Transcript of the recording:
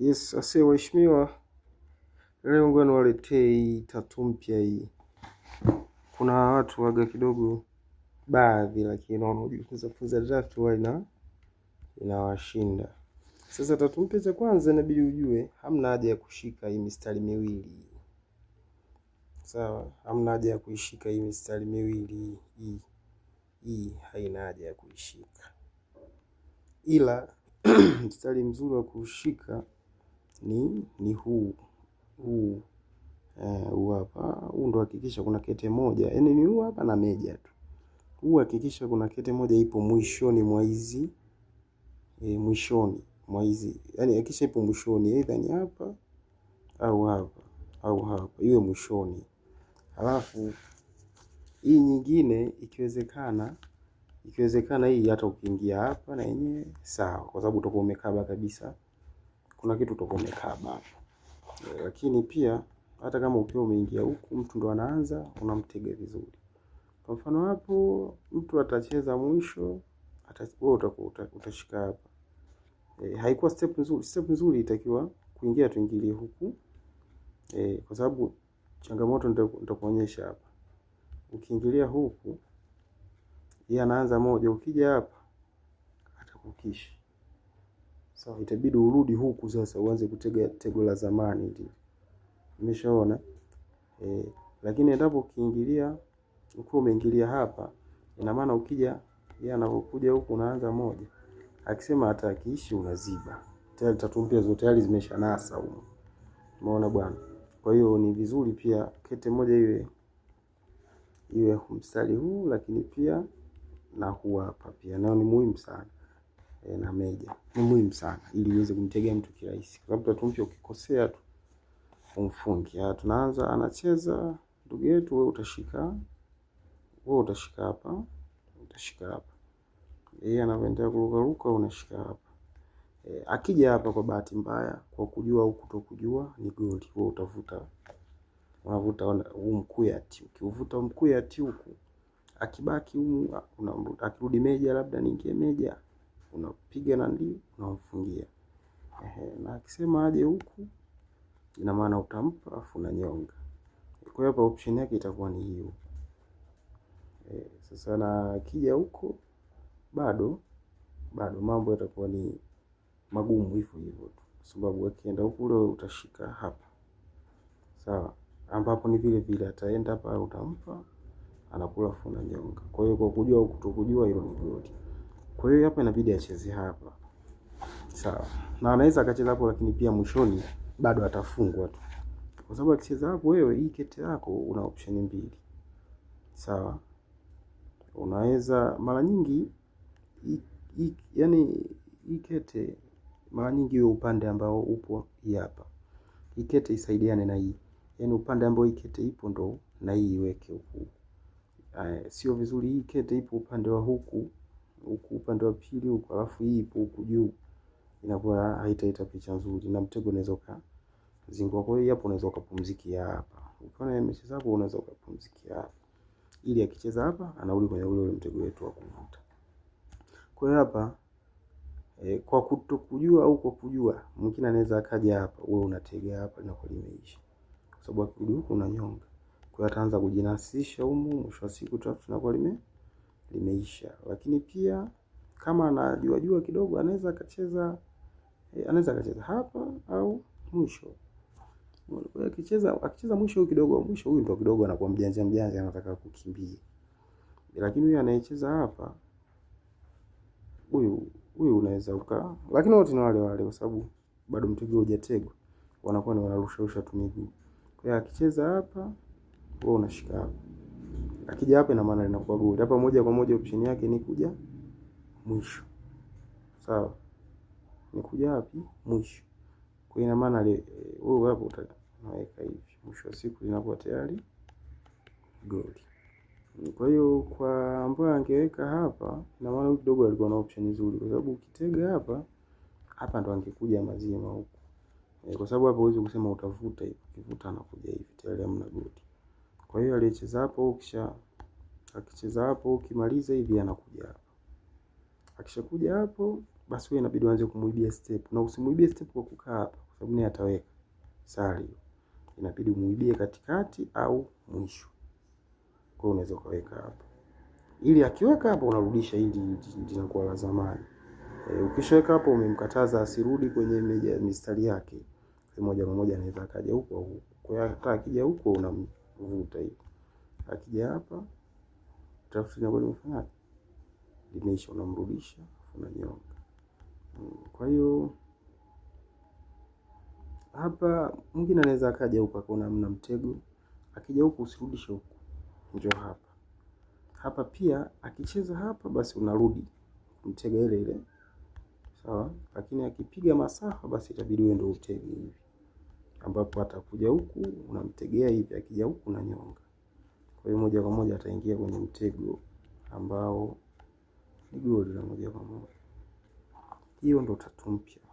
Yes, ase waheshimiwa, leo ngoja niwaletee hii tatu mpya hii. Kuna watu waga kidogo baadhi, lakini wanaojifunza funza tatu ina inawashinda. Sasa tatu mpya cha kwanza inabidi ujue, hamna haja ya kushika hii mistari miwili sawa. Hamna haja ya kuishika hii mistari miwili hii, hii haina haja ya kuishika, ila mstari mzuri wa kushika ni, ni huu huu eh, huu hapa huu ndo hakikisha kuna kete moja, yani ni huu hapa na meja tu. Huu hakikisha kuna kete moja ipo mwishoni mwa hizi e, mwishoni mwa hizi yani hakikisha ipo mwishoni, aidha ni hapa au hapa au hapa, iwe mwishoni. alafu hii nyingine ikiwezekana, ikiwezekana hii hata ukiingia hapa na yenyewe sawa, kwa sababu utakuwa umekaba kabisa kuna kitu utakuwa umekaa e, lakini pia hata kama ukiwa umeingia huku, mtu ndo anaanza, unamtega vizuri. Kwa mfano hapo mtu atacheza mwisho, wewe utakuwa utashika hapa. E, haikuwa step nzuri. Step nzuri itakiwa kuingia, tuingilie huku e, kwa sababu changamoto nitakuonyesha hapa. Ukiingilia huku, yeye anaanza moja, ukija hapa atakukisha Sawa, itabidi urudi huku sasa uanze kutega tego la zamani hili. Umeshaona? e. lakini endapo ukiingilia ukiwa umeingilia hapa, ina maana ukija yeye anapokuja huku unaanza moja. Akisema atakiishi unaziba. Tayari tatu zote tayari nasa huko. Umeona bwana? Kwa hiyo ni vizuri pia kete moja iwe iwe mstari huu, lakini pia na huu hapa pia nao ni muhimu sana e, na meja ni muhimu sana, ili uweze kumtegea mtu kirahisi, kwa sababu mtoto mpya ukikosea tu umfungi. Ah, tunaanza anacheza ndugu yetu, wewe utashika, wewe utashika hapa, utashika hapa, yeye anavyoendelea ruka unashika hapa. E, akija hapa kwa bahati mbaya, kwa kujua au kutokujua, ni goli. Wewe utavuta unavuta huu mkuyati, ukiuvuta huu mkuyati huku, akibaki humu, akirudi meja, labda niingie meja unapiga na ndio unamfungia. Ehe, na akisema aje huku, ina maana utampa afu unanyonga. Kwa hiyo hapa option yake itakuwa ni hiyo. E, sasa na akija huko bado bado mambo yatakuwa ni magumu hivyo hivyo tu, sababu akienda huko ule utashika hapa, sawa, ambapo ni vile vile ataenda hapa, utampa anakula funa nyonga. Kwa hiyo kwa kujua kutokujua, hilo ni goli. Kwa hiyo hapa inabidi acheze hapa. Sawa. Na anaweza akacheza hapo, lakini pia mwishoni bado atafungwa tu. Kwa sababu akicheza hapo, wewe hii kete yako una option mbili. Sawa. Unaweza mara nyingi i, i, yani hii kete mara nyingi huo upande ambao upo hapa. Hii kete isaidiane na hii. Yaani upande ambao hii kete ipo ndo na hii iweke huku. Sio vizuri hii kete ipo upande wa huku upande wa pili huko, alafu hii ipo huku juu, inakuwa haitaita picha nzuri, na mtego unaweza ukazingua. Kwa hiyo hapo unaweza ukapumzikia hapa, ukiona mechi zako unaweza ukapumzikia hapa, ili akicheza hapa anarudi kwenye ule ule mtego wetu wa kuvuta. Kwa hiyo hapa e, kwa kutokujua au kwa kujua, mwingine anaweza akaja hapa, wewe unatega hapa na kwa limeisha, kwa sababu akirudi huko unanyonga. Kwa hiyo ataanza kujinasisha humu, mwisho wa siku trafiki na kwa lime limeisha lakini pia kama anajua jua kidogo anaweza akacheza eh, anaweza akacheza hapa au mwisho. Kwa akicheza akicheza mwisho kidogo mwisho, huyu ndo kidogo anakuwa mjanja mjanja, anataka kukimbia, lakini huyu anayecheza hapa, huyu huyu unaweza uka, lakini wote ni wale wale, kwa sababu bado mtego hujategwa, wanakuwa ni wanarusha rusha tu miguu. Kwa hiyo akicheza hapa, wewe unashika hapa, akija hapa, ina maana linakuwa goli hapa moja kwa moja, option yake ni kuja mwisho. Sawa, nikuja wapi? Mwisho. Kwa ina maana eh, wewe hapo utaweka hivi, mwisho wa siku linakuwa tayari good. Kwa hiyo kwa ambaye angeweka hapa, ina maana huyu kidogo alikuwa na option nzuri, kwa sababu ukitega hapa hapa ndo angekuja mazima huku, eh, kwa sababu hapo huwezi kusema utavuta hivi, ukivuta anakuja hivi, tayari amna good. Kwa hiyo alicheza hapo, ukisha akicheza hapo, ukimaliza hivi anakuja hapa. Akishakuja hapo, basi wewe inabidi uanze kumuibia step, na usimuibie step kwa kukaa hapa, kwa sababu naye ataweka sali, inabidi umuibie katikati au mwisho. Kwa hiyo unaweza ukaweka hapo, ili akiweka hapo unarudisha, ili linakuwa la zamani. E, ukishaweka hapo umemkataza asirudi kwenye meja mistari yake Kwa moja kwa moja, anaweza akaja huko au huko. Kwa hiyo hata akija huko unamvuta hivi, akija hapa tafsiri inakuwa imefanyaje? limeisha, unamrudisha unanyonga. Mm, kwa hiyo hapa mwingine anaweza akaja huku akaona mna mtego, akija huku usirudishe huku, njoo hapa hapa. Pia akicheza hapa, basi unarudi mtego ile ile, sawa. Lakini akipiga masafa, basi itabidi wewe ndio utege hivi, ambapo atakuja huku unamtegea hivi, akija huku unanyonga. Kwa hiyo moja kwa moja ataingia kwenye mtego ambao 你给我这个地方嘛，地方都差这么偏。